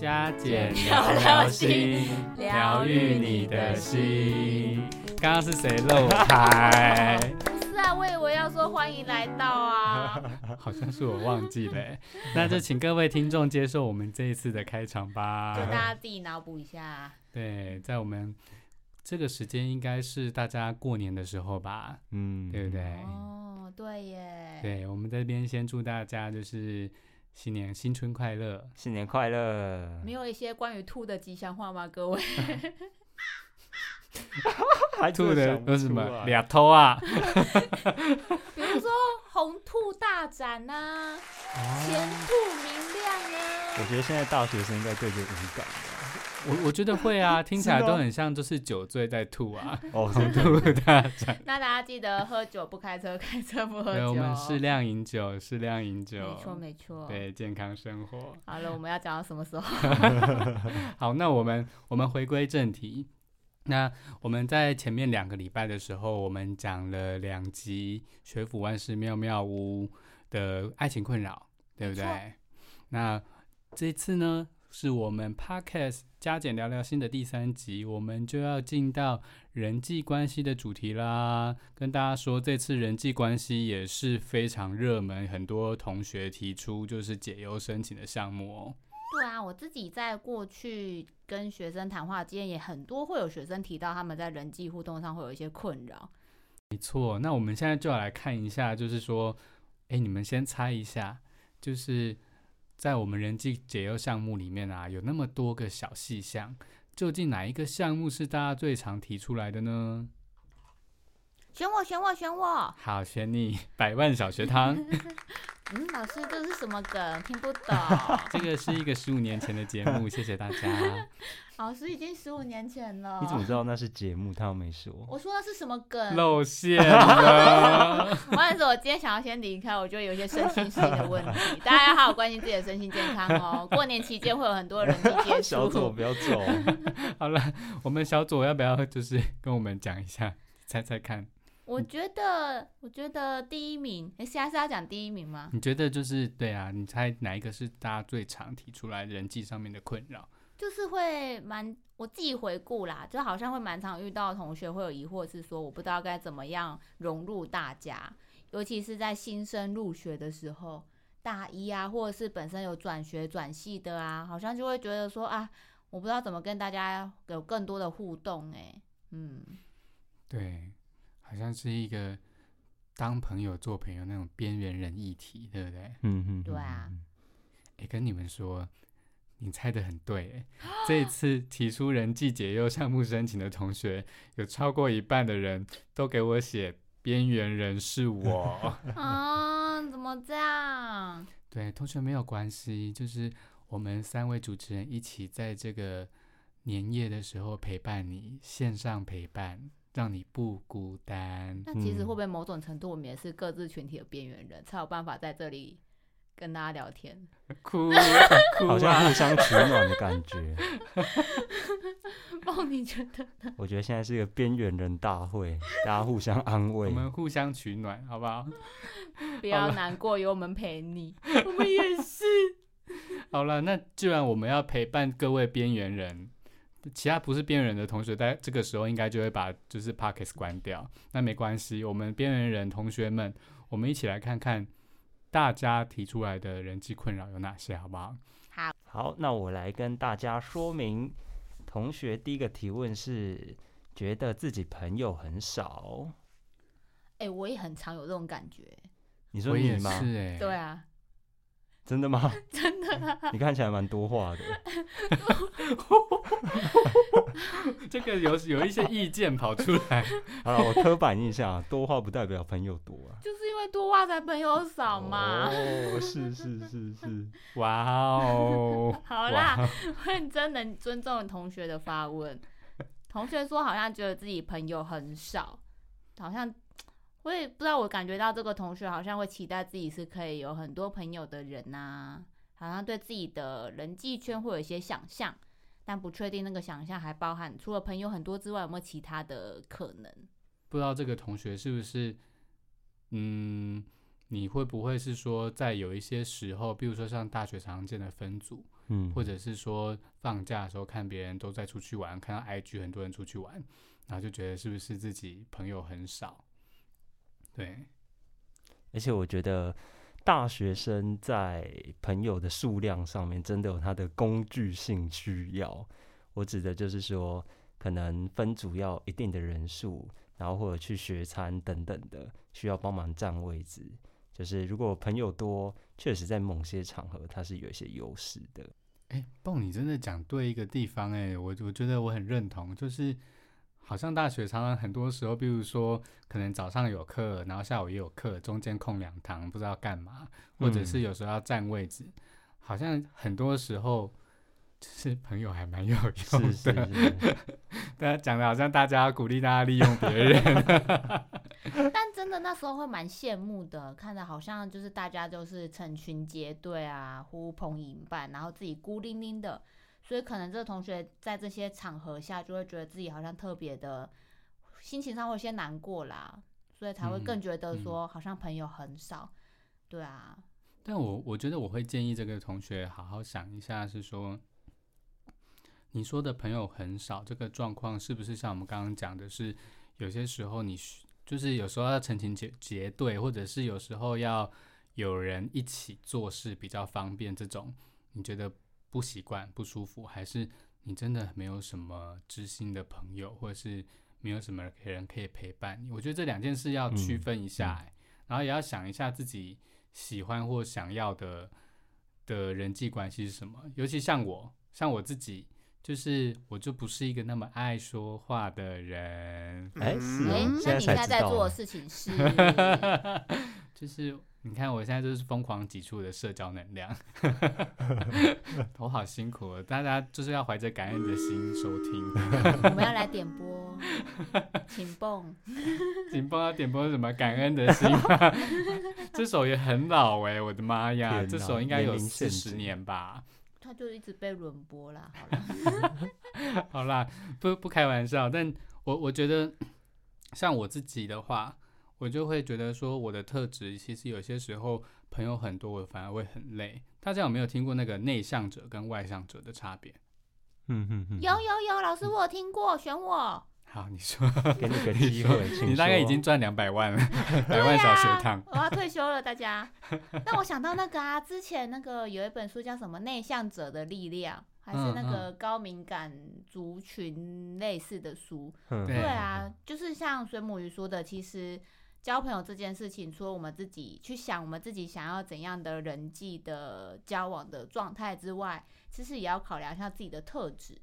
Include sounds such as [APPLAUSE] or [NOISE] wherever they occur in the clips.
加減聊心，療癒你的心。剛剛是誰漏拍？ [LAUGHS] 不是啊，我以為要說歡迎來到啊， [LAUGHS] 好像是我忘記了，那就請各位聽眾接受我們這一次的開場吧。大家自己腦補一下。 [LAUGHS] 對，在我們這個時間應該是大家過年的時候吧，嗯，對不對？哦，對耶。對，我們這邊先祝大家就是。新年，新春快樂，新年快樂！沒有一些關於兔的吉祥話嗎？各位？ [LAUGHS] [LAUGHS] [LAUGHS] 還兔的有什麼？倆頭啊？ [LAUGHS] 比如說紅兔大展吶、啊、前、啊、兔明亮啊。我覺得現在大學生應該對這敏感。我我覺得會啊，聽起來都很像，就是酒醉在吐啊，吐大家，那大家記得喝酒不開車，開車不喝酒。對，我們適量飲酒，適量飲酒。沒錯沒錯。對健康生活。好了，我們要講到什麼時候？ [LAUGHS] [LAUGHS] 好，那我們我們回歸正題。那我們在前面兩個禮拜的時候，我們講了兩集《學輔萬事妙妙屋》的愛情困擾，對不對？那這次呢，是我們 Podcast。加減聊聊新的第三集，我們就要進到人際關係的主題啦。跟大家說，這次人際關係也是非常熱門，很多同學提出就是解憂申請的項目哦。對啊，我自己在過去跟學生談話間也很多會有學生提到他們在人際互動上會有一些困擾。沒錯，那我們現在就要來看一下，就是說，哎、欸，你們先猜一下，就是。在我們人際解憂項目裡面啊，有那麼多個小細項，究竟哪一個項目是大家最常提出來的呢？選我，選我，選我！好，選你，百萬小學堂。 [LAUGHS] 嗯，老師，這是什麼梗？聽不懂。 [LAUGHS] 這個是一個十五年前的節目， [LAUGHS] 謝謝大家。 [LAUGHS] 老師已經十五年前了。你怎麼知道那是節目？他又沒說。我說的是什麼梗？露餡。我跟你說，我今天想要先離開，我就會有一些身心，心的問題。 [LAUGHS] 大家要好好關心自己的身心健康哦。 [LAUGHS] 過年期間會有很多人際接觸。 [LAUGHS] 小左，不要走。 [LAUGHS] 好了，我們小左要不要就是跟我們講一下？猜猜看。我覺得，我覺得第一名哎，欸、現在是要講第一名嗎？你覺得就是對啊？你猜哪一個是大家最常提出來人際上面的困擾？就是會蠻我自己回顧啦，就好像會蠻常遇到同學會有疑惑，是說我不知道該怎麼樣融入大家，尤其是在新生入學的時候，大一啊，或者是本身有轉學轉系的啊，好像就會覺得說啊，我不知道怎麼跟大家有更多的互動哎、欸，嗯，對。好像是一個當朋友做朋友那種邊緣人議題，對不對？嗯嗯，對、嗯、啊。也、嗯嗯欸、跟你們說，你猜得很對、啊。這一次提出人際解憂項目申請的同學，有超過一半的人都給我寫“邊緣人是我” [LAUGHS] 啊、 [LAUGHS] 哦？怎麼這樣？對，同學沒有關係，就是我們三位主持人一起在這個年夜的時候陪伴你，線上陪伴。讓你不孤單。那、嗯、其實會不會某種程度，我們也是各自群體的邊緣人、嗯，才有辦法在這裡跟大家聊天，哭，啊 [LAUGHS] 哭啊、好像互相取暖的感覺。你 [LAUGHS] 覺得 [LAUGHS] 我覺得現在是一個邊緣人大會，大家互相安慰，我們互相取暖，好不好？好，不要難過，有我們陪你。 [LAUGHS] 我們也是。好了，那既然我們要陪伴各位邊緣人。其他不是邊緣人的同學，在這個時候應該就會把就是 podcast 關掉，那沒關係，我們邊緣人，人同學們，我們一起來看看大家提出來的人際困擾有哪些，好不好？好，好，那我來跟大家說明。同學第一個提問是覺得自己朋友很少，哎、欸，我也很常有這種感覺。你說你嗎是、欸？對啊。真的嗎？真的、啊。 [LAUGHS] 你看起來蠻多話的。 [LAUGHS] 個 [LAUGHS] 有有一些意見跑出來啊， [LAUGHS] 我刻板印象啊， [LAUGHS] 多話不代表朋友多啊，就是因為多話才朋友少嘛。哦 [LAUGHS] ，oh，是是是是，哇哦，好啦，wow. 我很真能尊重同學的發問。同學說好像覺得自己朋友很少，好像我也不知道，我感覺到這個同學好像會期待自己是可以有很多朋友的人啊，好像對自己的人際圈會有一些想象。但不確定那個想象還包含除了朋友很多之外，有沒有其他的可能？不知道這個同學是不是，嗯，你會不會是說在有一些時候，比如說像大學常見的分組，嗯，或者是說放假的時候看別人都在出去玩，看到 IG 很多人出去玩，然後就覺得是不是自己朋友很少？對，而且我覺得。大學生在朋友的數量上面，真的有他的工具性需要。我指的，就是說，可能分組要一定的人數，然後或者去學餐等等的，需要幫忙佔位置。就是如果朋友多，確實在某些場合，它是有一些優勢的。哎、欸，泵，你真的講對一個地方。哎、欸，我我覺得我很認同，就是。好像大學常常很多時候，比如說可能早上有課，然後下午也有課，中間空兩堂不知道幹嘛，或者是有時候要占位置、嗯。好像很多時候是就是朋友還蠻有用的，對。但講的好像大家鼓勵大家利用別人， [LAUGHS] [LAUGHS] 但真的那時候會蠻羨慕的，看着好像就是大家就是成群結隊啊，呼朋引伴，然後自己孤零零的。所以可能這個同學在這些場合下就會覺得自己好像特別的，心情上會有些難過啦，所以才會更覺得說好像朋友很少，嗯嗯、對啊。但我我覺得我會建議這個同學好好想一下，是說你說的朋友很少這個狀況是不是像我們剛剛講的是，有些時候你就是有時候要成群結結隊，或者是有時候要有人一起做事比較方便這種，你覺得？不習慣、不舒服，還是你真的沒有什麼知心的朋友，或者是沒有什麼人可以陪伴你？我覺得這兩件事要區分一下、嗯嗯，然後也要想一下自己喜歡或想要的的人際關係是什麼。尤其像我，像我自己，就是我就不是一個那麼愛說話的人。哎、哦，那你現在在做的事情是？ [LAUGHS] [LAUGHS] 就是。你看，我現在就是瘋狂擠出的社交能量，我 [LAUGHS] 好辛苦了。大家就是要懷着感恩的心收聽。 [LAUGHS] 我們要來點播，請 [LAUGHS] 琴蹦，請 [LAUGHS] 蹦要點播什麼？感恩的心， [LAUGHS] [LAUGHS] [LAUGHS] [LAUGHS] 這首也很老哎、欸，我的媽呀，這首應該有四十年吧。它 [LAUGHS] 就一直被輪播啦，好啦， [LAUGHS] [LAUGHS] 好啦，不不開玩笑，但我我覺得，像我自己的話。我就會覺得說，我的特質其實有些時候朋友很多，我反而會很累。大家有沒有聽過那個內向者跟外向者的差別？ [LAUGHS] 有有有，老師我有聽過，選我。好，你說，給你個機會， [LAUGHS] 你，說 [LAUGHS] 你大概已經賺兩百萬了，百 [LAUGHS] 萬小學堂，啊、我要退休了，大家。 [LAUGHS] 那我想到那個啊，之前那個有一本書叫什麼《內向者的力量》，還是那個高敏感族群類似的書。 [LAUGHS] 對啊， [LAUGHS] 就是像水母魚說的，其實。交朋友這件事情，除了我們自己去想，我們自己想要怎樣的人際的交往的狀態之外，其實也要考量一下自己的特質，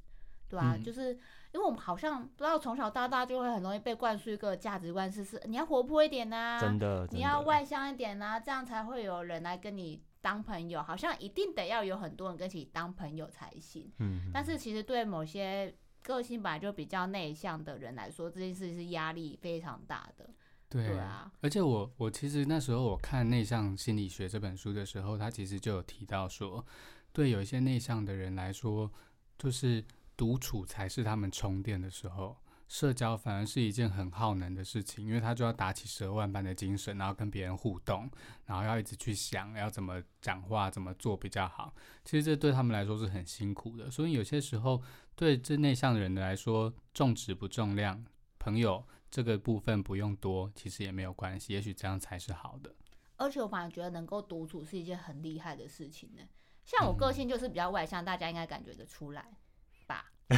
對啊、嗯，就是因為我們好像不知道從小到大就會很容易被灌輸一個價值觀是，是是你要活潑一點吶、啊，真的，你要外向一點吶、啊，這樣才會有人來跟你當朋友。好像一定得要有很多人跟自己當朋友才行。嗯，但是其實對某些個性本來就比較內向的人來說，這件事情是壓力非常大的。對，對啊，而且我我其實那時候我看《內向心理學》這本書的時候，他其實就有提到說，對有一些內向的人來說，就是獨處才是他們充電的時候，社交反而是一件很耗能的事情，因為他就要打起十二萬般的精神，然後跟別人互動，然後要一直去想，要怎麼講話，怎麼做比較好。其實這對他們來說是很辛苦的，所以有些時候對這內向的人來說，重質不重量，朋友。這個部分不用多，其實也沒有關係，也許這樣才是好的。而且我反而覺得能夠獨處是一件很厲害的事情呢。像我個性就是比較外向，嗯、大家應該感覺得出來。 [LAUGHS] [LAUGHS] [LAUGHS] 我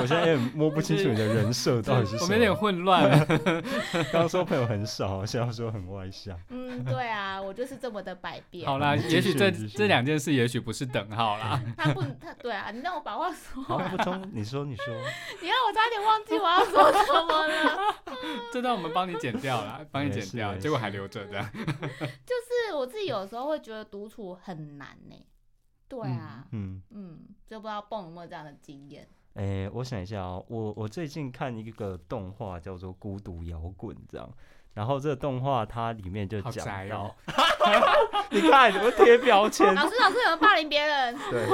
現在有點摸不清楚你的人設到底是什麼…… [LAUGHS] 我們有點混亂。剛 [LAUGHS] 說朋友很少，現在要說很外向。嗯，對啊，我就是這麼的百變了。好啦，也許這這兩件事也許不是等號啦。他不，他對啊，你讓我把話說、啊。不通，你說，你說。你讓我差點忘記我要說什麼了。 [LAUGHS] [LAUGHS] [LAUGHS] 這段我們幫你剪掉了，幫你剪掉也是也是，結果還留着，這樣。就是我自己有時候會覺得獨處很難呢、欸。對啊，嗯嗯，嗯，就不知道蹦有沒有這樣的經驗。哎、欸，我想一下啊、哦，我我最近看一個動畫叫做《孤獨搖滾》這樣，然後這個動畫它裡面就講到， [LAUGHS] [LAUGHS] 你看怎麼貼標籤， [LAUGHS] [LAUGHS] 老師老師 [LAUGHS] 怎麼霸凌別人？對，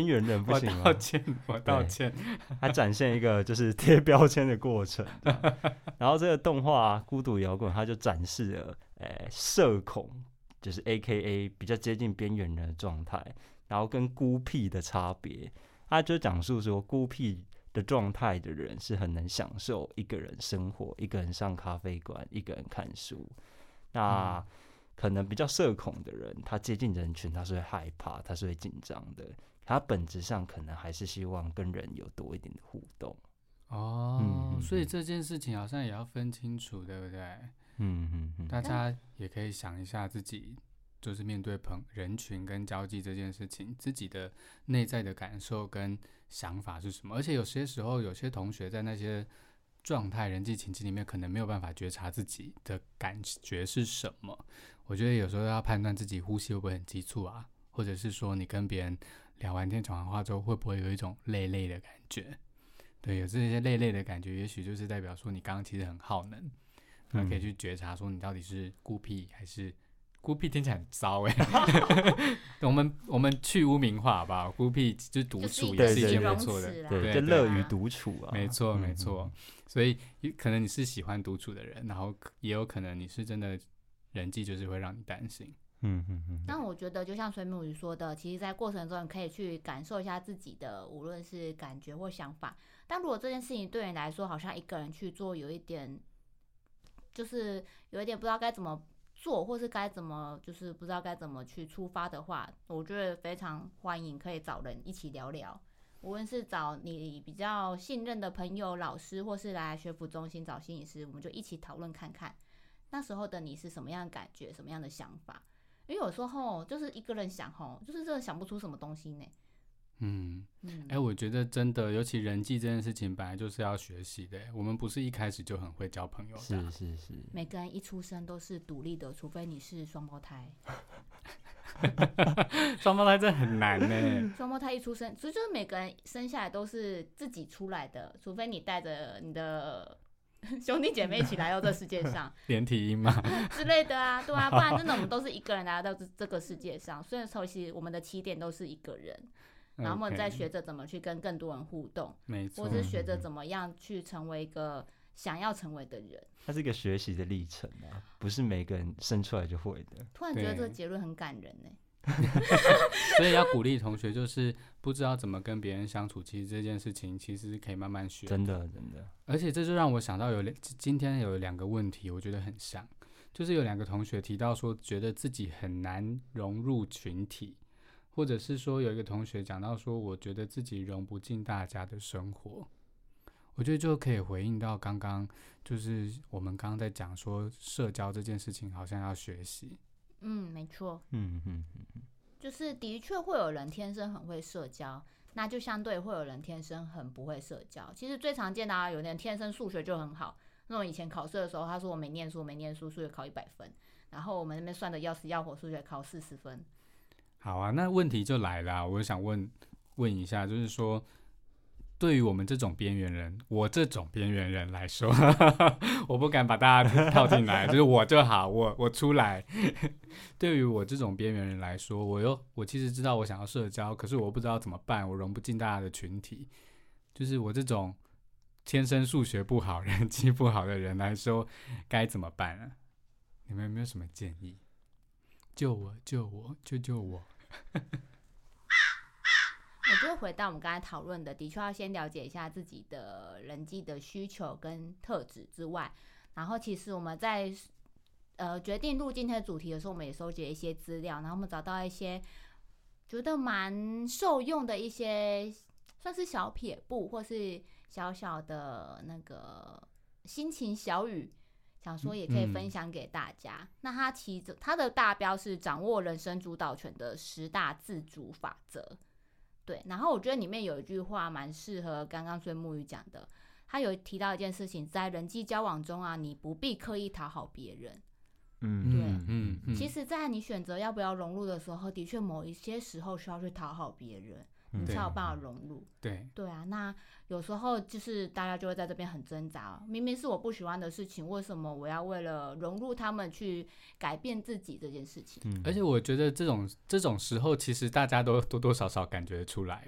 邊緣人不行嗎？道歉，我道歉。他展現一個就是貼標籤的過程，然後這個動畫、啊《 [LAUGHS] 孤獨搖滾》他就展示了，哎、欸，社恐就是 A K A 比較接近邊緣人的狀態。然後跟孤僻的差別，他、啊、就講述說，孤僻的狀態的人是很能享受一個人生活，一個人上咖啡館，一個人看書。那可能比較社恐的人，他接近人群，他是會害怕，他是會緊張的。他本質上可能還是希望跟人有多一點的互動。哦，嗯、哼哼，所以這件事情好像也要分清楚，對不對？嗯嗯嗯，大家也可以想一下自己。就是面對朋人群跟交際這件事情，自己的內在的感受跟想法是什麼？而且有些時候，有些同學在那些狀態人際情境裡面，可能沒有辦法覺察自己的感覺是什麼。我覺得有時候要判斷自己呼吸會不會很急促啊，或者是說你跟別人聊完天、講完話之後，會不會有一種累累的感覺？對，有這些累累的感覺，也許就是代表說你剛剛其實很耗能。那可以去覺察說你到底是孤僻還是。孤僻聽起來很糟哎， [LAUGHS] [LAUGHS] 我們我們去污名化吧。孤僻就是獨處，也是一件不錯的事。對，就樂於獨處了、啊。沒錯，沒錯、嗯。所以可能你是喜歡獨處的人，然後也有可能你是真的人際就是會讓你擔心。嗯哼嗯嗯。但我覺得就像水母魚說的，其實，在過程中你可以去感受一下自己的，無論是感覺或想法。但如果這件事情對你來說，好像一個人去做有一點，就是有一點不知道該怎麼。做，或是該怎麼，就是不知道該怎麼去出發的話，我覺得非常歡迎，可以找人一起聊聊。無論是找你比較信任的朋友、老師，或是來學輔中心找心理師，我們就一起討論看看，那時候的你是什麼樣的感覺，什麼樣的想法？因為有時候就是一個人想哦，就是真的想不出什麼東西呢。嗯，哎、欸，我覺得真的，尤其人際這件事情，本來就是要學習的。我們不是一開始就很會交朋友的，是是是。每個人一出生都是獨立的，除非你是雙胞胎。雙 [LAUGHS] 胞胎這很難呢。雙胞胎一出生，所以就是每個人生下來都是自己出來的，除非你帶着你的兄弟姐妹一起來到這世界上，連體嬰嘛之類的啊，對啊，不然真的我們都是一個人來到這這個世界上。所以，說其實我們的起點都是一個人。然後我、okay, 再學着怎麼去跟更多人互動，或是學着怎麼樣去成為一個想要成為的人。嗯嗯、它是一個學習的歷程、啊，不是每個人生出來就會的。突然覺得這個結論很感人、欸、 [LAUGHS] 所以要鼓勵同學，就是不知道怎麼跟別人相處，其實這件事情其實是可以慢慢學。真的，真的。而且這就讓我想到有兩，今天有兩個問題，我覺得很像，就是有兩個同學提到說，覺得自己很難融入群體。或者是說有一個同學講到說，我覺得自己融不進大家的生活，我覺得就可以回應到剛剛，就是我們剛剛在講說社交這件事情好像要學習。嗯，沒錯。嗯嗯嗯嗯，就是的確會有人天生很會社交，那就相對會有人天生很不會社交。其實最常見的啊，有人天生數學就很好，那種以前考試的時候，他說，我沒念書，沒念書，數學考一百分，然後我們那邊算的要死要活，數學考四十分。好啊，那問題就來了，我想問問一下，就是說，對於我們這種邊緣人，我這種邊緣人來說， [LAUGHS] 我不敢把大家套進來， [LAUGHS] 就是我就好，我我出來。 [LAUGHS] 對於我這種邊緣人來說，我又我其實知道我想要社交，可是我不知道怎麼辦，我融不進大家的群體。就是我這種天生數學不好、人際不好的人來說，該怎麼辦啊？你們有沒有什麼建議？救我！救我！救救我！ [LAUGHS] 我就回到我們剛才討論的，的確要先了解一下自己的人際的需求跟特質之外，然後其實我們在呃決定錄今天的主題的時候，我們也收集了一些資料，然後我們找到一些覺得蠻受用的一些，算是小撇步或是小小的那個心情小語。想說也可以分享給大家。嗯、那他其實他的大標是掌握人生主導權的十大自主法則，對。然後我覺得裡面有一句話蠻適合剛剛孫木雨講的，他有提到一件事情，在人際交往中啊，你不必刻意討好別人。嗯，對，嗯，嗯，其實，在你選擇要不要融入的時候，的確某一些時候需要去討好別人。 [MUSIC] 你才有辦法融入。嗯、對對啊，那有時候就是大家就會在這邊很掙扎。明明是我不喜歡的事情，為什麼我要為了融入他們去改變自己這件事情？嗯、而且我覺得這種這種時候，其實大家都多多少少感覺得出來，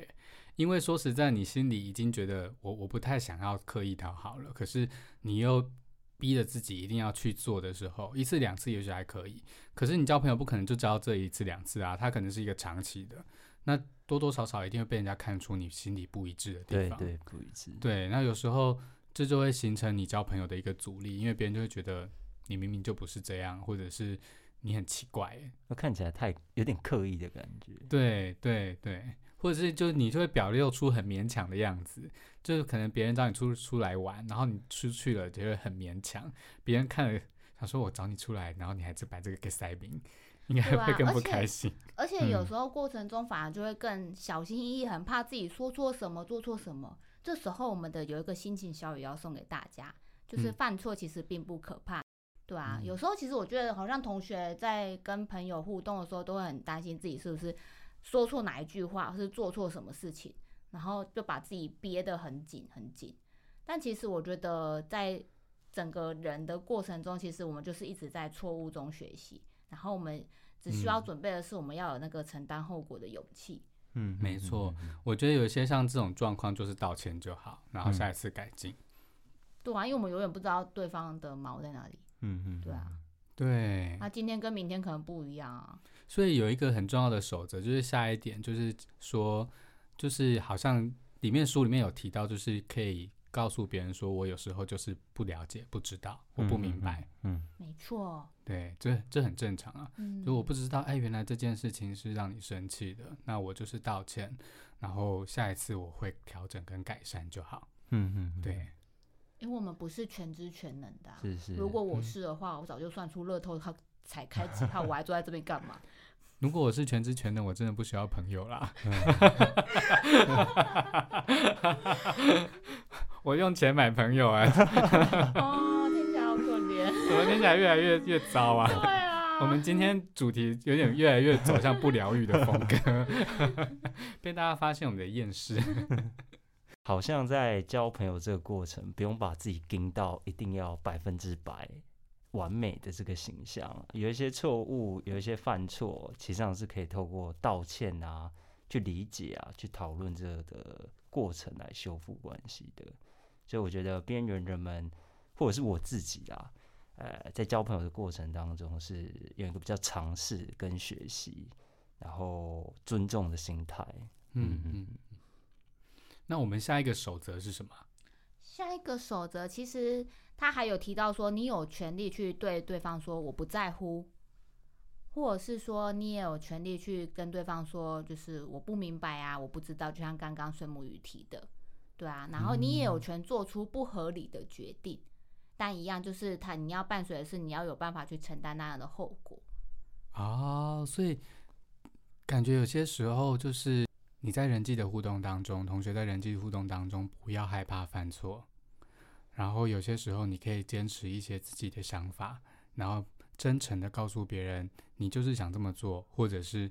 因為說實在，你心裡已經覺得我我不太想要刻意討好了，可是你又逼着自己一定要去做的時候，一次兩次也許還可以，可是你交朋友不可能就交這一次兩次啊，它可能是一個長期的。那多多少少一定會被人家看出你心裡不一致的地方。對，對，不一致。對，那有時候這就，就會形成你交朋友的一個阻力，因為別人就會覺得你明明就不是這樣，或者是你很奇怪，看起來太有點刻意的感覺。對對對，或者是就你就會表露出很勉強的樣子，就是可能別人找你出出來玩，然後你出去了就會很勉強，別人看了想說我找你出來，然後你還是擺這個給塞賓。應該會更不開心、啊而嗯，而且有時候過程中反而就會更小心翼翼，很、嗯、怕自己說錯什麼、做錯什麼。這時候我們的有一個心情小語要送給大家，就是犯錯其實並不可怕、嗯，對啊。有時候其實我覺得好像同學在跟朋友互動的時候，都會很擔心自己是不是說錯哪一句話，或是做錯什麼事情，然後就把自己憋得很緊很緊。但其實我覺得，在整個人的過程中，其實我們就是一直在錯誤中學習。然後我們只需要準備的是，我們要有那個承擔後果的勇氣。嗯，嗯沒錯、嗯。我覺得有一些像這種狀況，就是道歉就好、嗯，然後下一次改進。對啊，因為我們永遠不知道對方的毛在哪裡。嗯嗯。對啊。對。那、啊、今天跟明天可能不一樣啊。所以有一個很重要的守則，就是下一點，就是說，就是好像裡面書裡面有提到，就是可以。告訴別人說，我有時候就是不了解、不知道、我、嗯、不明白。嗯，嗯嗯沒錯，對，這這很正常啊。嗯，如果我不知道，哎，原來這件事情是讓你生氣的，那我就是道歉，然後下一次我會調整跟改善就好。嗯嗯，對，因為我們不是全知全能的、啊。是是，如果我是的話，我早就算出樂透，他彩開幾號 [LAUGHS] 我還坐在這邊幹嘛？如果我是全知全能，我真的不需要朋友啦。 [LAUGHS] [LAUGHS] [LAUGHS] 我用錢買朋友哎、啊！ [LAUGHS] 哦，聽起來好可憐。怎麼聽起來越來越越糟啊？ [LAUGHS] 對啊。我們今天主題有點越來越走向不療癒的風格， [LAUGHS] 被大家發現我們的厭世。好像在交朋友這個過程， [LAUGHS] 不用把自己盯到一定要百分之百完美的這個形象，有一些錯誤，有一些犯錯，其實上是可以透過道歉啊，去理解啊，去討論這個過程來修復關係的。所以我覺得邊緣人們，或者是我自己啊，呃，在交朋友的過程當中，是有一個比較嘗試跟學習，然後尊重的心態。嗯嗯。那我們下一個守則是什麼？下一個守則，其實他還有提到說，你有權利去對對方說我不在乎，或者是說你也有權利去跟對方說，就是我不明白啊，我不知道。就像剛剛孫木魚提的。對啊，然後你也有權做出不合理的決定，嗯、但一樣就是他，你要伴隨的是你要有辦法去承擔那樣的後果。啊、哦，所以感覺有些時候就是你在人際的互動當中，同學在人際互動當中不要害怕犯錯，然後有些時候你可以堅持一些自己的想法，然後真誠地告訴別人你就是想這麼做，或者是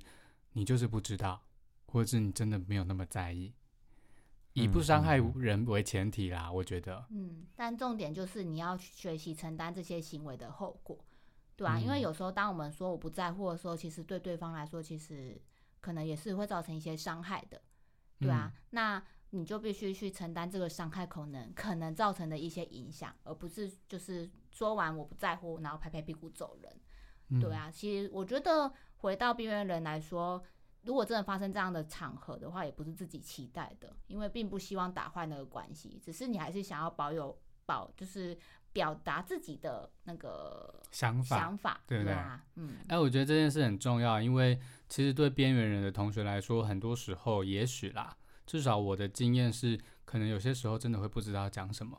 你就是不知道，或者是你真的沒有那麼在意。以不傷害人為前提啦、嗯，我覺得。嗯，但重點就是你要去學習承擔這些行為的後果，對啊、嗯？因為有時候當我們說我不在乎的時候，其實對對方來說，其實可能也是會造成一些傷害的，對啊。嗯、那你就必須去承擔這個傷害可能可能造成的一些影響，而不是就是說完我不在乎，然後拍拍屁股走人。對啊，嗯、其實我覺得回到邊緣人來說。如果真的發生這樣的場合的話，也不是自己期待的，因為並不希望打壞那個關係，只是你還是想要保有保，就是表達自己的那個想法，想法對不對,對,對，嗯，哎、啊，我覺得這件事很重要，因為其實對邊緣人的同學來說，很多時候也許啦，至少我的經驗是，可能有些時候真的會不知道講什麼，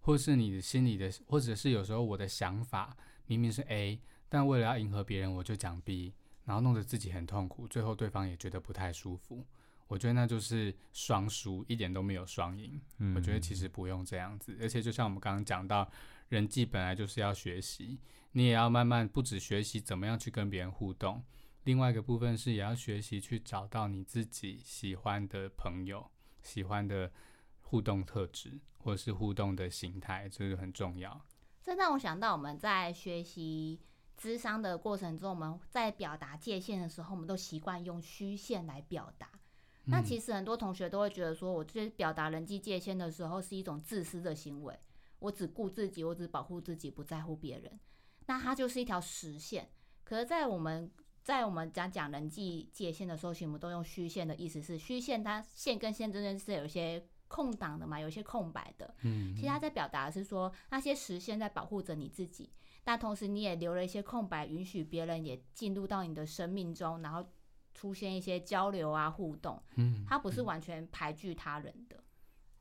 或是你的心裡的，或者是有時候我的想法明明是 A，但為了要迎合別人，我就講 B。然後弄得自己很痛苦，最後對方也覺得不太舒服。我覺得那就是雙輸，一點都沒有雙贏。嗯、我覺得其實不用這樣子，而且就像我們剛剛講到，人際本來就是要學習，你也要慢慢不止學習怎麼樣去跟別人互動。另外一個部分是，也要學習去找到你自己喜歡的朋友、喜歡的互動特質或者是互動的形態，這個很重要。這讓我想到我們在學習。諮商的過程中，我們在表達界限的時候，我們都習慣用虛線來表達，嗯。那其實很多同學都會覺得說，我這表達人際界限的時候是一種自私的行為，我只顧自己，我只保護自己，不在乎別人。那它就是一條實線。可是在，在我們在我們講講人際界限的時候，其實我們都用虛線的意思是，虛線它線跟線之間是有一些空檔的嘛，有一些空白的。嗯、嗯，其實它在表達的是說，那些實線在保護着你自己。但同時，你也留了一些空白，允許別人也進入到你的生命中，然後出現一些交流啊、互動。嗯，它不是完全排拒他人的，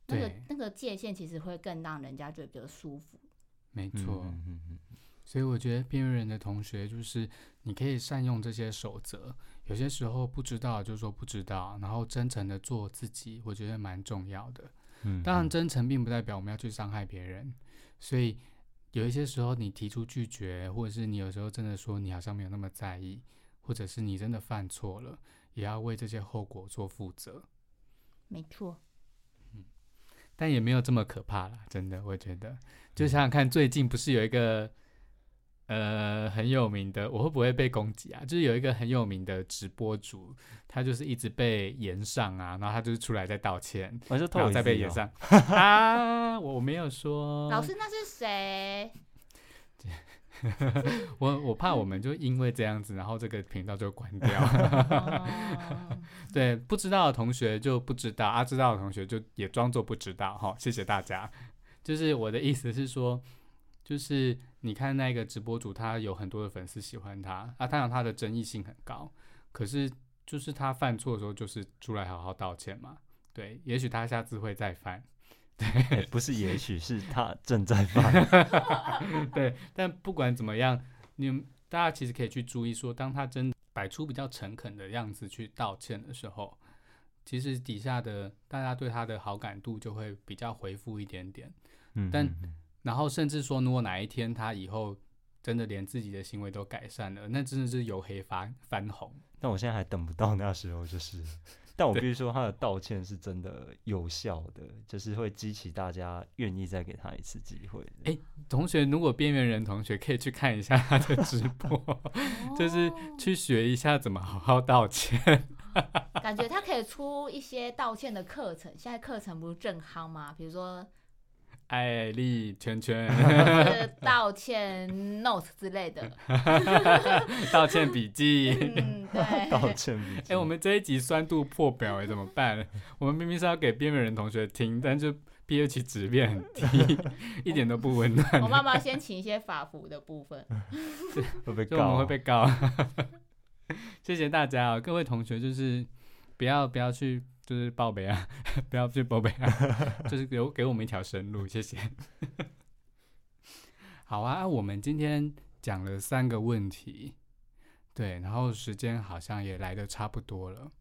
嗯、那個那個界限其實會更讓人家覺得比較舒服。沒錯，嗯嗯，嗯。所以我覺得邊緣人的同學，就是你可以善用這些守則，有些時候不知道就說不知道，然後真誠的做自己，我覺得蠻重要的。嗯，當然，真誠並不代表我們要去傷害別人，所以。有一些時候，你提出拒絕，或者是你有時候真的說你好像沒有那麼在意，或者是你真的犯錯了，也要為這些後果做負責。沒錯，嗯，但也沒有這麼可怕了，真的，我覺得，就想想看，嗯、最近不是有一個。呃，很有名的，我會不會被攻擊啊？就是有一個很有名的直播主，他就是一直被炎上啊，然後他就是出來再道歉就我意，哦，然後再被炎上 [LAUGHS] 啊。我沒有說，老師那是誰？ [LAUGHS] 我我怕我們就因為這樣子，然後這個頻道就關掉。 [LAUGHS] [LAUGHS] [LAUGHS] 對，不知道的同學就不知道，啊，知道的同學就也裝作不知道。好，哦，謝謝大家。就是我的意思是說。就是你看那個直播主，他有很多的粉絲喜歡他啊，當然他的爭議性很高。可是就是他犯錯的時候，就是出來好好道歉嘛。對，也許他下次會再犯。對，欸、不是也，也 [LAUGHS] 許是他正在犯。 [LAUGHS] [LAUGHS] 對，但不管怎麼樣，你們大家其實可以去注意說，當他真擺出比較誠懇的樣子去道歉的時候，其實底下的大家對他的好感度就會比較恢復一點點。嗯，但。嗯然後甚至說，如果哪一天他以後真的連自己的行為都改善了，那真的是由黑翻翻紅。但我現在還等不到那時候，就是。但我必須說，他的道歉是真的有效的，就是會激起大家願意再給他一次機會。哎，同學，如果邊緣人同學可以去看一下他的直播， [LAUGHS] 就是去學一下怎麼好好道歉。哦、 [LAUGHS] 感覺他可以出一些道歉的課程，現在課程不是正夯嗎？比如說。愛麗圈圈， [LAUGHS] 道歉 notes 之類的 [LAUGHS] 道歉筆筆記。 [LAUGHS] 嗯，對。道歉筆記。哎、欸，我們這一集酸度破表，哎、 [LAUGHS] 欸，怎麼辦？我們明明是要給邊緣人同學聽，但是 pH 值變很低， [LAUGHS] 一點都不溫暖。 [LAUGHS] 我媽媽先請一些法服的部分， [LAUGHS] 我會被告，會被告。謝謝大家、哦，各位同學，就是。不要不要去，就是報備啊！不要去報備啊！就是留給我們一條生路，謝謝。 [LAUGHS] 好啊，啊，我們今天講了三個問題，對，然後時間好像也來得差不多了。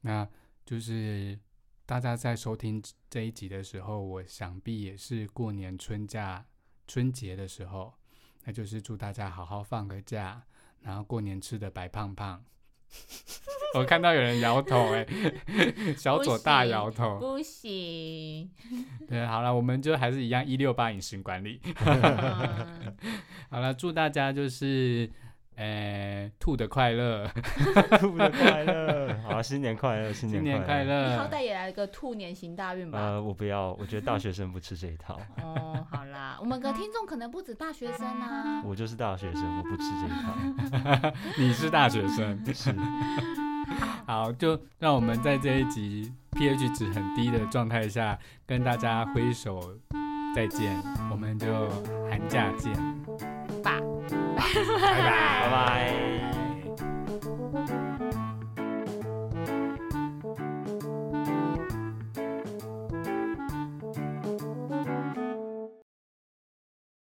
那就是大家在收聽這一集的時候，我想必也是過年春假、春節的時候。那就是祝大家好好放個假，然後過年吃的白胖胖。 [LAUGHS] 我看到有人搖頭哎、欸 [LAUGHS] [LAUGHS] 小左大搖頭不，不行。對，好了，我們就還是一樣一六八飲食管理。 [LAUGHS] [LAUGHS] [LAUGHS] [LAUGHS] 好了，祝大家就是。哎、欸，兔的快樂，兔 [LAUGHS] 的快樂，好、啊，新年快樂，新年快樂，你好歹也來個兔年行大運吧。呃，我不要，我覺得大學生不吃這一套。 [LAUGHS] 哦，好啦，我們的聽眾可能不止大學生啊。我就是大學生，我不吃這一套。 [LAUGHS] 你是大學生，是。是 [LAUGHS] 好，就讓我們在這一集 pH 值很低的狀態下跟大家揮手再見，我們就寒假見吧。掰拜拜，拜拜。